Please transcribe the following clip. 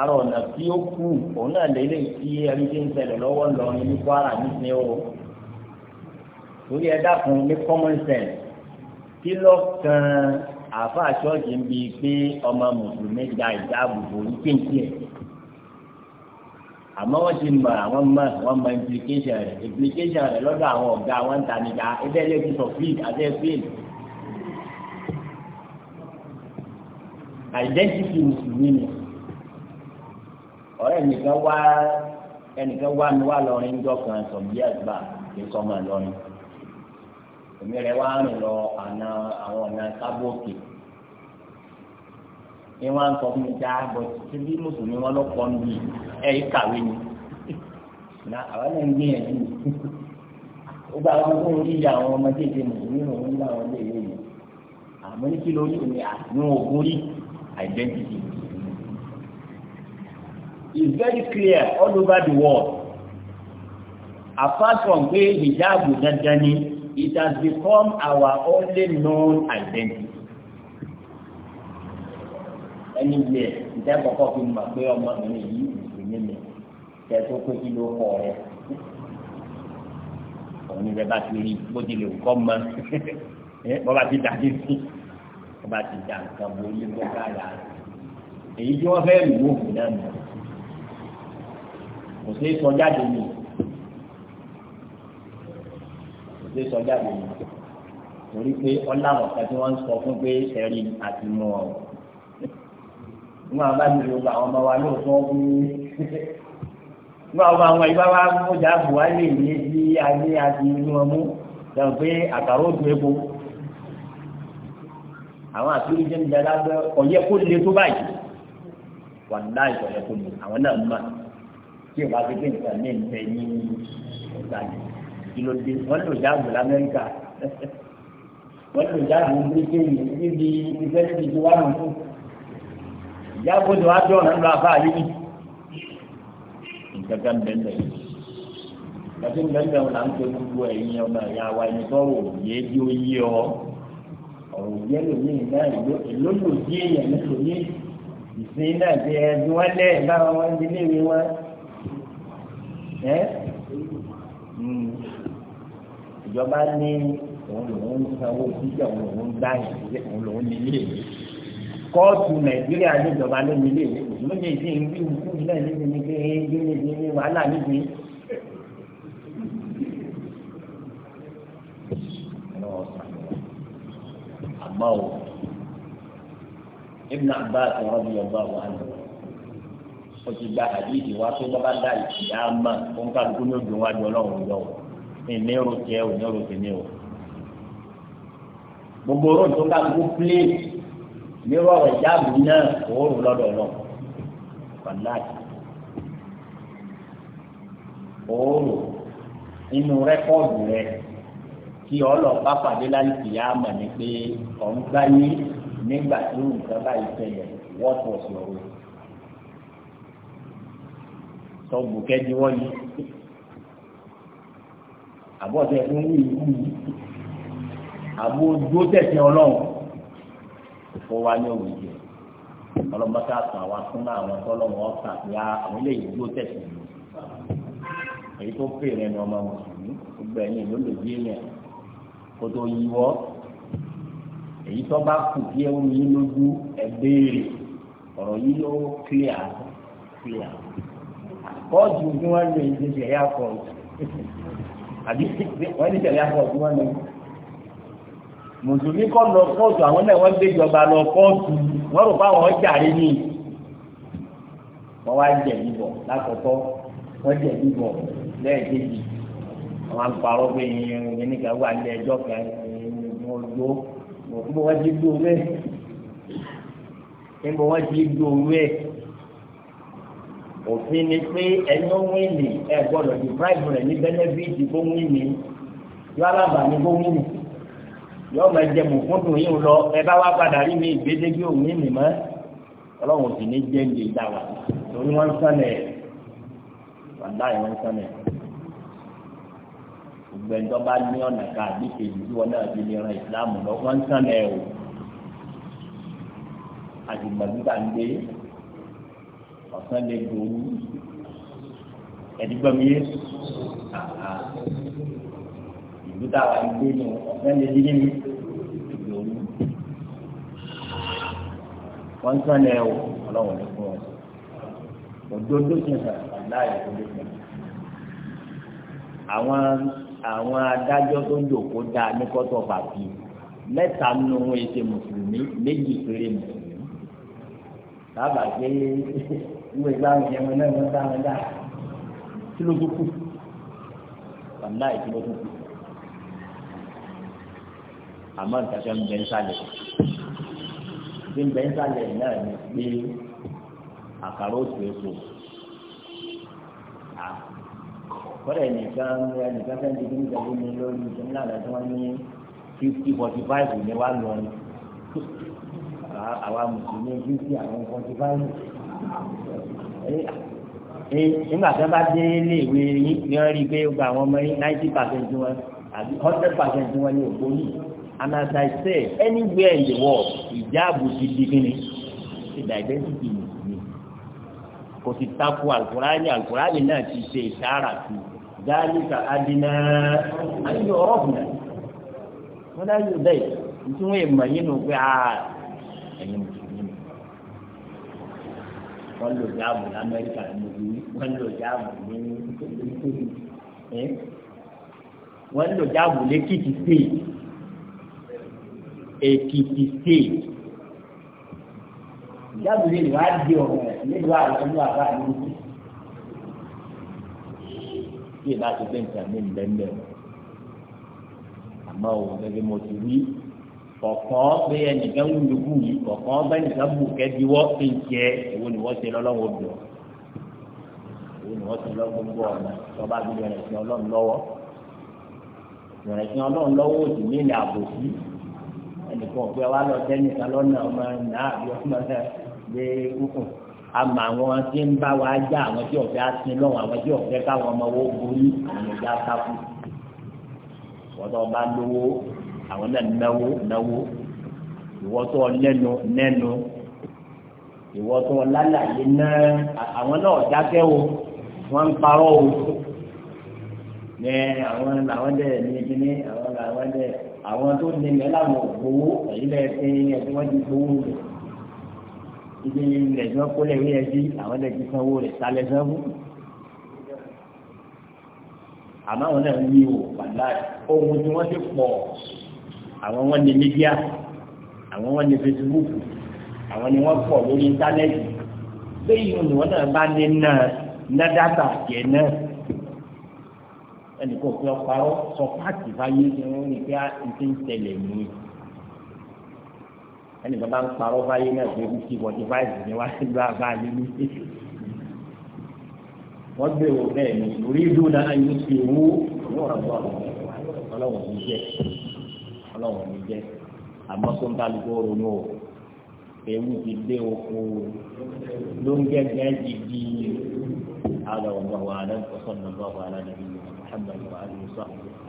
ara ọ̀nà tí ó kù òun náà lélẹ̀ tí ẹni tí ń ṣẹlẹ̀ lọ́wọ́ lọ ní ní Kwara nísìnyí o torí ẹ dákun ní common sense kí lọ kan àáfàá ṣọ́ọ̀ṣì ń bi pé ọmọ mùsùlùmí gba ìdáàbòbò ní kéńtì ẹ̀ àmọ́ wọ́n ti mọ àwọn mọ wọ́n mọ implication rẹ̀ implication rẹ̀ lọ́dọ̀ àwọn ọ̀gá wọn ta níta ẹgbẹ́ ẹlẹ́gbẹ́ sọ fíìd àti ẹ̀fíìd. identity mùsùlùmí ni ọ̀rẹ́ nìkan wá ẹnìkan wá mi wá lọrin ńjọ kan sọ̀bí àgbà kí n sọmọ lọrin èmi rẹ̀ wá rìn lọ àna àwọn ọ̀nà sábòkè ni wọ́n á sọ fún mi já bọ̀ títí bí mùsùlùmí wọn lọ́pọ̀ ń bì ẹ̀ kàwé ni na àwọn náà ń gbìyànjú ó bá wọn fún orí ìyá àwọn ọmọ tètè mùsùlùmí òun ń bá wọn léèrè yìí àmọ́ ní kí lórí òun àti òun ògún rí identity is very clear all over the world. Apart from pé hijab dandan ni, it has become our only known identity. Ẹni ilé ìjẹ́ kọ̀kọ́ fi mọ̀ pé ọmọbìnrin yìí ìsinmi mi tẹ̀ pé kí ló kọ̀ rẹ̀. Òní rẹ̀ bá ti rí bó ti lè kọ́ mọ́ bọ́ba ti dà ní sí bọ́ba ti dà nǹkan bo ilé gbọ́dọ̀ àyà rẹ̀. Èyí tí wọ́n fẹ́ lù ú òkú náà nù kò sí sọ jáde mi kò sí sọ jáde mi torí pé ọlá ọ̀kà tí wọ́n ń sọ fún pé ẹ̀rí àti mọ̀ ọ́ nígbà bá mi lò àwọn ọmọ wa lóòótọ́ fún mi nígbà wọn àwọn ìbá wa kọjá buhari ní bí ayé àti inú ọmú dàn pé àkàrà òdu epo àwọn àtúrò jẹ́ ń dada ọ̀yẹ́ kó le tó báyìí wà láì ọ̀yẹ́ kó le àwọn náà ń mọ̀ tí o bá fi gbé nǹkan ní ìfẹ́ ní ìgbàlè kí ló dé wọ́n lò jáàbù lamẹ́ríkà wọ́n lò jáàbù bíríkèyì níbi ìfẹ́ níbi tí wọ́n mú jáàbù tó wá jọ̀ọ́ nínú afá yìí nǹkan kan bẹ́ẹ̀ bẹ́ẹ̀ gbàtí bẹ́ẹ̀ wọn là ń tó gbogbo ẹ̀yin ọmọ ẹ̀yà wa ẹni tó rò yé bí ó yé ọ ọ̀rọ̀ yẹ lómìn náà lólòdì èèyàn lómìn ìsìn náà ti ẹ̀ wọn lẹ́ẹ̀ ẹ́ hmm. ìjọba ní òun lòun sanwó jíjẹ òun lòun ń dáyìn òun lòun ní ilé ìwé kóòtù nàìjíríà níjọba ló ní ilé ìwé òun ní ìsìn ìwé ìwé náà níbi ní pé ẹgbẹ́ níbi ní wàhálà níbi. àmọ́ o ibn abbas radiyallahu anhu ó ti gba àdìsí wa tó bá bá dá ìyá mà ó ń kálukú ní ojú wájú ọlọ́run lọ ìní ro tiẹ̀ ò ní ro tèmi o. gbogbo oró tó ń kálukú plé ní rọrùn ìjáàbù náà òórùn lọ́dọ̀ náà wàláàkì òórùn inú rẹ́kọ̀dù rẹ̀ kí ọlọ́pàá pàdé láti yá mà ní pé ọ̀ ń gbáyé nígbà tí nǹkan báyìí tẹ̀lé what was your way sọ bùkẹ́ diwọ́ yìí àbọ̀tẹ̀ fún wí yìí àbò dúró tẹ̀sí ọlọ́run òfò wa ní òwe jẹ ọlọ́mọta sọ àwa fún àwọn tọ́lọ́mọ ọ̀sà pé àwọn eléyìí dúró tẹ̀sí ìlú èyí tó pè ní ọmọ mùsùlùmí gbogbo ẹ̀yìn ló lè gbé yẹn kó tó yíwọ́ èyí tó bá kù kí ẹ wọ́n lójú ẹ béèrè ọ̀rọ̀ yìí yóò kílíà kílíà kọ́ọ̀dù ni wọ́n lò ní sẹ̀ríà kọ́ọ̀dù àbí wọ́n ní sẹ̀ríà kọ́ọ̀dù wọ́n lò mùsùlùmí kọ́ lọ kóòtù àwọn náà wọ́n gbé ìjọba lọ kóòtù wọ́n rò fáwọn jàre ní wọ́n wá jẹ̀bi bọ̀ lákọ̀ọ́kọ́ wọ́n jẹ̀bi bọ̀ lẹ́ẹ̀kejì àwọn àgbàrọ̀ pé ẹnìkan wà kan wọ́n lò níbo wọ́n ti gbó wẹ́ níbo wọ́n ti òfin ni pé ẹni ó wí ni ẹ gbọ́dọ̀ deprive rẹ̀ ní benefit bó wí ni yọ alábà ní bó wí ni yọ ọmọ ẹjẹ mọ̀kúndùn yìí lọ ẹ bá wá padà rí mi gbèdéke òun ní mọ́ ọlọ́run òsì ní jẹ́ ní ìjà wa torí wọ́n ń sànẹ̀ wàdá yìí wọ́n ń sànẹ̀ gbẹ̀ndọ́ bá ní ọ̀nà ká àbí kejì tí wọ́n náà fi lè ran ìsìlámù lọ wọ́n ń sànẹ̀ o àti gbàdúgbà ń gbé ọ̀sán lè gbòòrú ẹ̀dígbọ́mi yé ìlú táwa ń gbé nù ọ̀sán lè dídí mi gbòòrú wọ́n sàn lẹ́ o ọlọ́wọ́n lè fún ọ òdodo ti hàn láàyè òdodo ti hàn àwọn àwọn adájọ́ tó jòkó dáa ní kọ́tọ̀ bàbí mẹ́ta nínú wọn ètè mùsùlùmí méjì péré mùsùlùmí sábà pé ìwé ìgbà àwọn èèyàn wọn náà wọn dá wọn dá kí ló tó kù wàhálà ìkí ló tó kù àmọ́ nǹkan tó ń bẹ ń sálẹ̀ tí ń bẹ ń sálẹ̀ náà ni pé àkàrà òsì èso kọ́lẹ̀ nìkan nìkan fẹ́ẹ́ di kíni ìjọba mi lórí ìjọba náà tí wọ́n ní fifty forty five ní wàá lọ ni àwa mùsùlùmí fifty àwọn forty five nígbà tí wọ́n bá dé ilé ìwé yín ni wọ́n rí i pé ó gba àwọn ọmọ yín ninety percent wọn àbí hundred percent wọn ní òpó yìí and as I say anywhere in the world ìjáàbù ti di kí ni ìdá identity ni kò sì takò alukurani alukurani náà ti ṣe ìṣàrà sí dáríkà adínà àyè ọ̀rọ̀ bùnà wọ́n dá yóò bẹ́ẹ̀ tí wọ́n yẹ mọ̀ yín nù pé ah, ẹ̀yin mùsùlùmí wọ́n lò jáàmù ní amẹ́ríkà ní ìlú eh? wọ́n lò jáàmù ní wọ́n lò jáàmù lẹ́kìtì state èkìtì state jáàmù lè wá di ọ̀rọ̀ ẹ̀ nílùú àwọn ọmọ àbá àdúgbò tí ìbá ti gbé nǹkan mi ń bẹ́ẹ̀ mẹ́rin àmọ́ òun gẹ́gẹ́ mo wí kọ̀ọ̀kan pé ẹnìkan ń lu bù yìí kọ̀ọ̀kan bá ẹnìkan bù kẹ́bi wọ́ fi ń jẹ èwo ni wọ́n ṣe lọ́lọ́wọ́ bù ọ́ èwo ni wọ́n ṣe lọ́wọ́ gbogbo ọ̀nà tọ́ba bí yọrẹ sí ọlọ́run lọ́wọ́ yọrẹ sí ọlọ́run lọ́wọ́ òsì nílẹ̀ àbòsí ẹnìkan ọ̀gbẹ́ wa lọ tẹ́nìkan lọ́nà ọmọ náà àbí ọmọ náà gbé kúkùn àmọ́ àwọn tí ń bá wa já àwọn tí ọ̀fẹ́ asin lọ́wọ́ àwọn tí ọ̀fẹ́ káwọn ọmọ wo borí àwọn ìjà sáfù wọ́n tó bá lówó àwọn náà náwó náwó ìwọ́tọ́ nẹ́nu nẹ́nu ìwọ́tọ́ lálàyé náà àwọn náà dákẹ́ o wọ́n ń parọ́ o ní àwọn làwọn dẹ̀ ní kíní àwọn làwọn dẹ̀ àwọn tó ní ilẹ̀ làwọn gbowó èyí lẹ̀ ṣe ẹ̀ tí wọ́n ti gbowó rẹ̀ ibi ilẹ̀ tí wọ́n kó lẹ̀ wíyẹn sí àwọn dẹ̀ ti sanwó rẹ̀ sálẹ̀ sanwó àmọ́ àwọn náà ń yí o pàdánù ohun tí wọ́n ti pọ̀ àwọn wọn ní mídíà àwọn wọn ní Facebook àwọn ni wọ́n pọ̀ lórí íńtánẹ́ẹ̀tì bẹ́ẹ̀ yìí ni wọ́n náà bá ní náà ná dátà jẹ náà ẹnì kò fi ọparọ́ sọ páàkì báyìí ni wọ́n ní pé ti ń tẹ̀lé mi ẹnì kan bá ń parọ́ báyìí náà pé ó ti wọ́n báyìí ni wọ́n ti gbá báyìí ní wọ́n gbèrò bẹ́ẹ̀ ni orí ìlú náà yóò fi owó ọlọ́wọ́ ọlọ́wọ́ ọlọ́wọ́ ọlọ́wọ́ ọlọ́wọ́ ọlọ́run mi jẹ́ àmọ́ tó ń kálukú ronú o ewu ti dé oko ló ń gẹ́gẹ́ ti di àlọ́ ọ̀gbọ̀n wa alẹ́ kọ́sọ́ ọ̀gbọ̀n wa alẹ́ nàbí Muhammad wa alẹ́ sọ́ọ̀gbọ̀n.